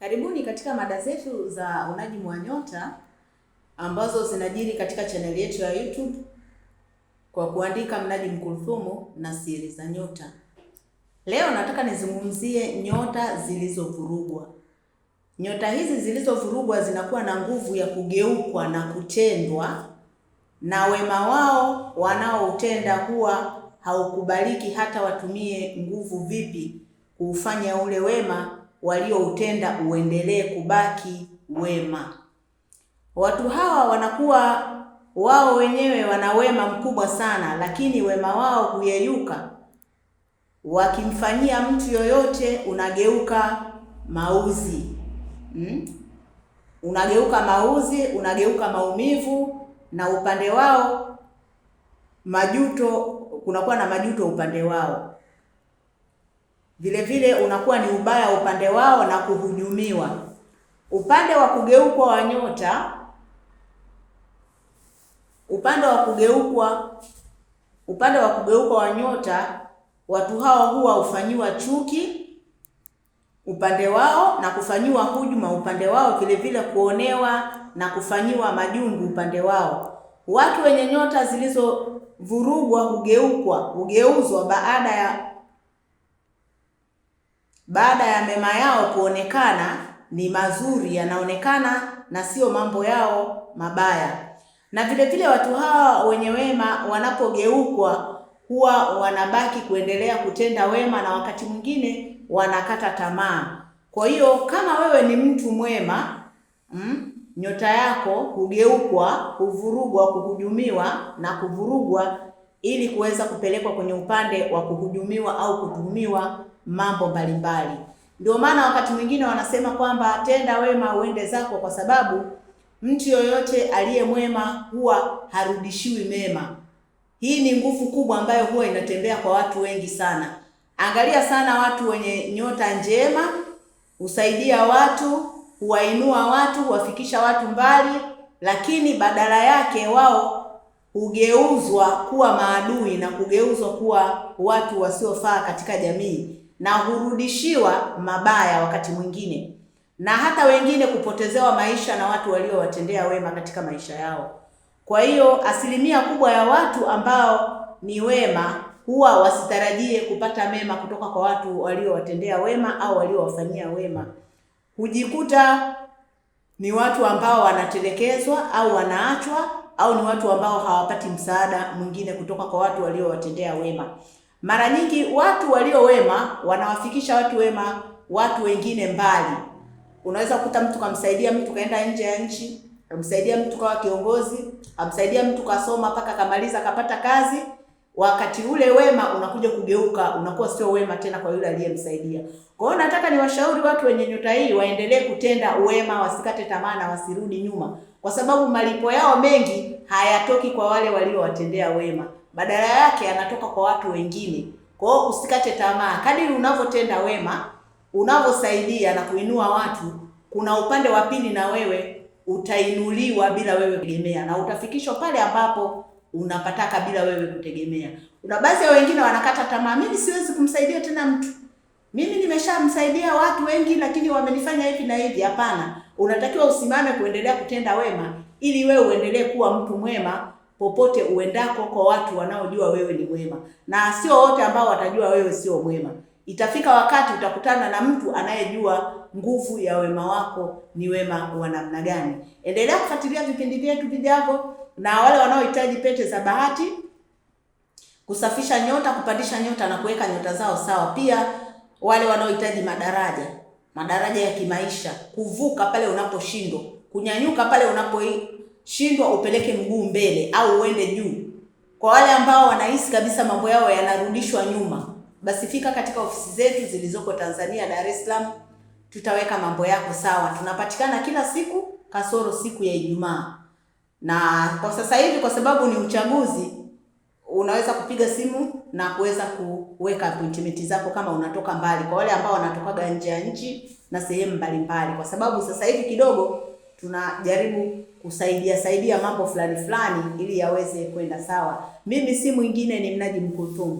Karibuni katika mada zetu za unajimu wa nyota ambazo zinajiri katika chaneli yetu ya YouTube kwa kuandika Mnajimu Kulthumu na Siri za Nyota. Leo nataka nizungumzie nyota zilizovurugwa. Nyota hizi zilizovurugwa zinakuwa na nguvu ya kugeukwa na kutendwa, na wema wao wanaoutenda huwa haukubaliki hata watumie nguvu vipi kuufanya ule wema walioutenda uendelee kubaki wema. Watu hawa wanakuwa wao wenyewe wana wema mkubwa sana, lakini wema wao huyeyuka. Wakimfanyia mtu yoyote unageuka mauzi hmm? Unageuka mauzi, unageuka maumivu, na upande wao majuto, kunakuwa na majuto upande wao. Vile vile unakuwa ni ubaya upande wao na kuhujumiwa. Upande wa kugeukwa wa nyota, upande wa kugeukwa, upande wa kugeukwa wa nyota, watu hao huwa hufanyiwa chuki upande wao na kufanyiwa hujuma upande wao, vile vile kuonewa na kufanyiwa majungu upande wao. Watu wenye nyota zilizovurugwa hugeukwa, hugeuzwa baada ya baada ya mema yao kuonekana ni mazuri yanaonekana na sio mambo yao mabaya. Na vile vile watu hawa wenye wema wanapogeukwa huwa wanabaki kuendelea kutenda wema na wakati mwingine wanakata tamaa. Kwa hiyo kama wewe ni mtu mwema mm, nyota yako hugeukwa, huvurugwa, kuhujumiwa na kuvurugwa ili kuweza kupelekwa kwenye upande wa kuhujumiwa au kutumiwa mambo mbalimbali. Ndio maana wakati mwingine wanasema kwamba tenda wema uende zako, kwa sababu mtu yoyote aliye mwema huwa harudishiwi mema. Hii ni nguvu kubwa ambayo huwa inatembea kwa watu wengi sana. Angalia sana watu wenye nyota njema, husaidia watu, huwainua watu, huwafikisha watu mbali, lakini badala yake wao hugeuzwa kuwa maadui na kugeuzwa kuwa watu wasiofaa katika jamii na hurudishiwa mabaya wakati mwingine, na hata wengine kupotezewa maisha na watu waliowatendea wema katika maisha yao. Kwa hiyo asilimia kubwa ya watu ambao ni wema huwa wasitarajie kupata mema kutoka kwa watu waliowatendea wema au waliowafanyia wema. Hujikuta ni watu ambao wanatelekezwa au wanaachwa au ni watu ambao hawapati msaada mwingine kutoka kwa watu waliowatendea wema. Mara nyingi watu walio wema wanawafikisha watu wema watu wengine mbali. Unaweza kukuta mtu kamsaidia mtu kaenda nje ya nchi, kamsaidia mtu kawa kiongozi, kamsaidia mtu kasoma mpaka kamaliza kapata kazi. Wakati ule wema unakuja kugeuka, unakuwa sio wema tena kwa yule aliyemsaidia. Kwa hiyo nataka niwashauri watu wenye nyota hii waendelee kutenda wema, wasikate tamaa na wasirudi nyuma, kwa sababu malipo yao mengi hayatoki kwa wale waliowatendea wema badala yake anatoka kwa watu wengine. Kwa hiyo usikate tamaa, kadiri unavyotenda wema, unavyosaidia na kuinua watu, kuna upande wa pili na wewe utainuliwa bila wewe kutegemea, na utafikishwa pale ambapo unapataka bila wewe kutegemea. Kuna baadhi ya wengine wanakata tamaa, mimi siwezi kumsaidia tena mtu, mimi nimeshamsaidia watu wengi, lakini wamenifanya hivi na hivi. Hapana, unatakiwa usimame kuendelea kutenda wema ili wewe uendelee kuwa mtu mwema popote uendako kwa watu wanaojua wewe ni mwema, na sio wote ambao watajua wewe sio mwema. Itafika wakati utakutana na mtu anayejua nguvu ya wema wako ni wema wa namna gani. Endelea kufuatilia vipindi vyetu vijavyo, na wale wanaohitaji pete za bahati, kusafisha nyota, kupandisha nyota na kuweka nyota zao sawa, pia wale wanaohitaji madaraja, madaraja ya kimaisha, kuvuka pale unaposhindwa, kunyanyuka pale unapo shindwa upeleke mguu mbele au uende juu. Kwa wale ambao wanahisi kabisa mambo yao yanarudishwa nyuma, basi fika katika ofisi zetu zilizoko Tanzania, Dar es Salaam, tutaweka mambo yako sawa. Tunapatikana kila siku kasoro siku ya Ijumaa, na kwa sasa hivi kwa sababu ni uchaguzi, unaweza kupiga simu na kuweza kuweka appointment zako kama unatoka mbali, kwa wale ambao wanatokaga nje ya nchi na sehemu mbalimbali, kwa sababu sasa hivi kidogo tunajaribu kusaidia saidia mambo fulani fulani ili yaweze kwenda sawa. Mimi si mwingine ni Mnaji mkutumu